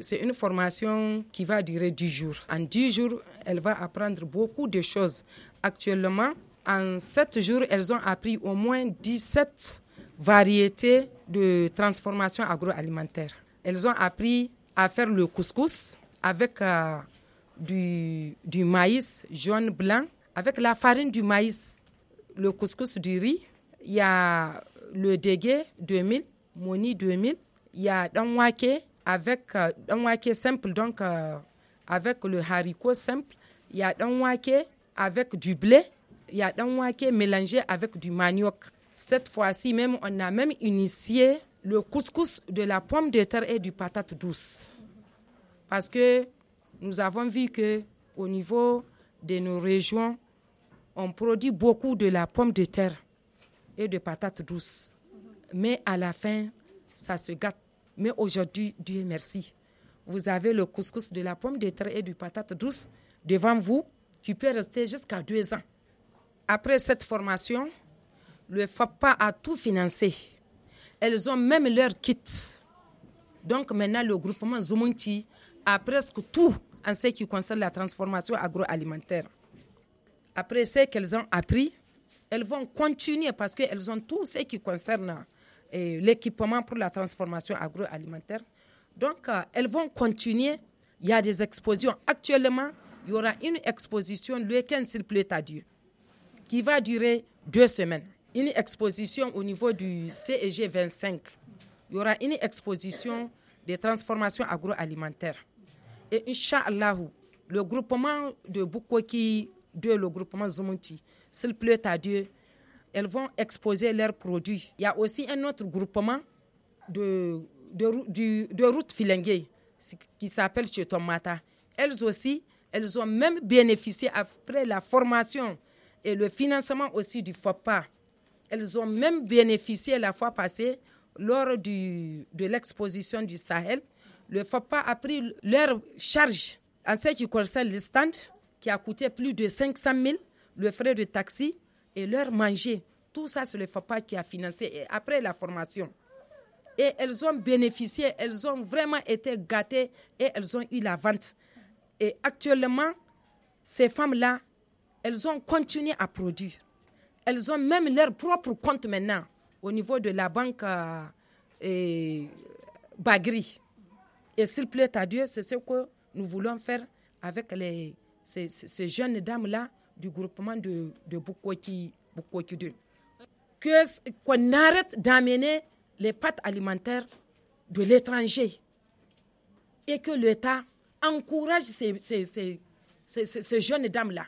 C'est une formation qui va durer 10 jours. En 10 jours, elle va apprendre beaucoup de choses. Actuellement, en 7 jours, elles ont appris au moins 17 variétés de transformation agroalimentaire. Elles ont appris à faire le couscous avec euh, du, maïs jaune blanc, avec la farine du maïs, le couscous du riz. Il y a le dégué 2000, moni 2000, il y a danwake, avec euh, un simple, donc euh, avec le haricot simple. Il y a un waké avec du blé. Il y a un wake mélangé avec du manioc. Cette fois-ci même, on a même initié le couscous de la pomme de terre et du patate douce. Parce que nous avons vu que au niveau de nos régions, on produit beaucoup de la pomme de terre et de patate douce. Mais à la fin, ça se gâte mais aujourd'hui, Dieu merci, vous avez le couscous de la pomme de terre et du patate douce devant vous qui peut rester jusqu'à deux ans. Après cette formation, le FAPA a tout financé. Elles ont même leur kit. Donc maintenant, le groupement Zumunti a presque tout en ce qui concerne la transformation agroalimentaire. Après ce qu'elles ont appris, elles vont continuer parce qu'elles ont tout ce qui concerne et l'équipement pour la transformation agroalimentaire. Donc, euh, elles vont continuer. Il y a des expositions. Actuellement, il y aura une exposition le week-end, s'il plaît à Dieu, qui va durer deux semaines. Une exposition au niveau du CEG 25. Il y aura une exposition des transformations agroalimentaires. Et Inch'Allah, le groupement de Bukoki, deux le groupement Zumunti, s'il plaît à Dieu, elles vont exposer leurs produits. Il y a aussi un autre groupement de, de, de, routes filinguées qui s'appelle Chetomata. Elles aussi, elles ont même bénéficié après la formation et le financement aussi du FOPA. Elles ont même bénéficié la fois passée lors du, de l'exposition du Sahel. Le FOPA a pris leur charge en ce qui concerne les stands qui a coûté plus de 500 000, le frais de taxi, et leur manger. Tout ça, c'est le FAPA qui a financé et après la formation. Et elles ont bénéficié, elles ont vraiment été gâtées et elles ont eu la vente. Et actuellement, ces femmes-là, elles ont continué à produire. Elles ont même leur propre compte maintenant au niveau de la banque euh, Bagri. Et s'il plaît à Dieu, c'est ce que nous voulons faire avec les, ces jeunes dames-là du groupement de, de Bukoki, 2. Qu'on arrête d'amener les pâtes alimentaires de l'étranger et que l'État encourage ces jeunes dames-là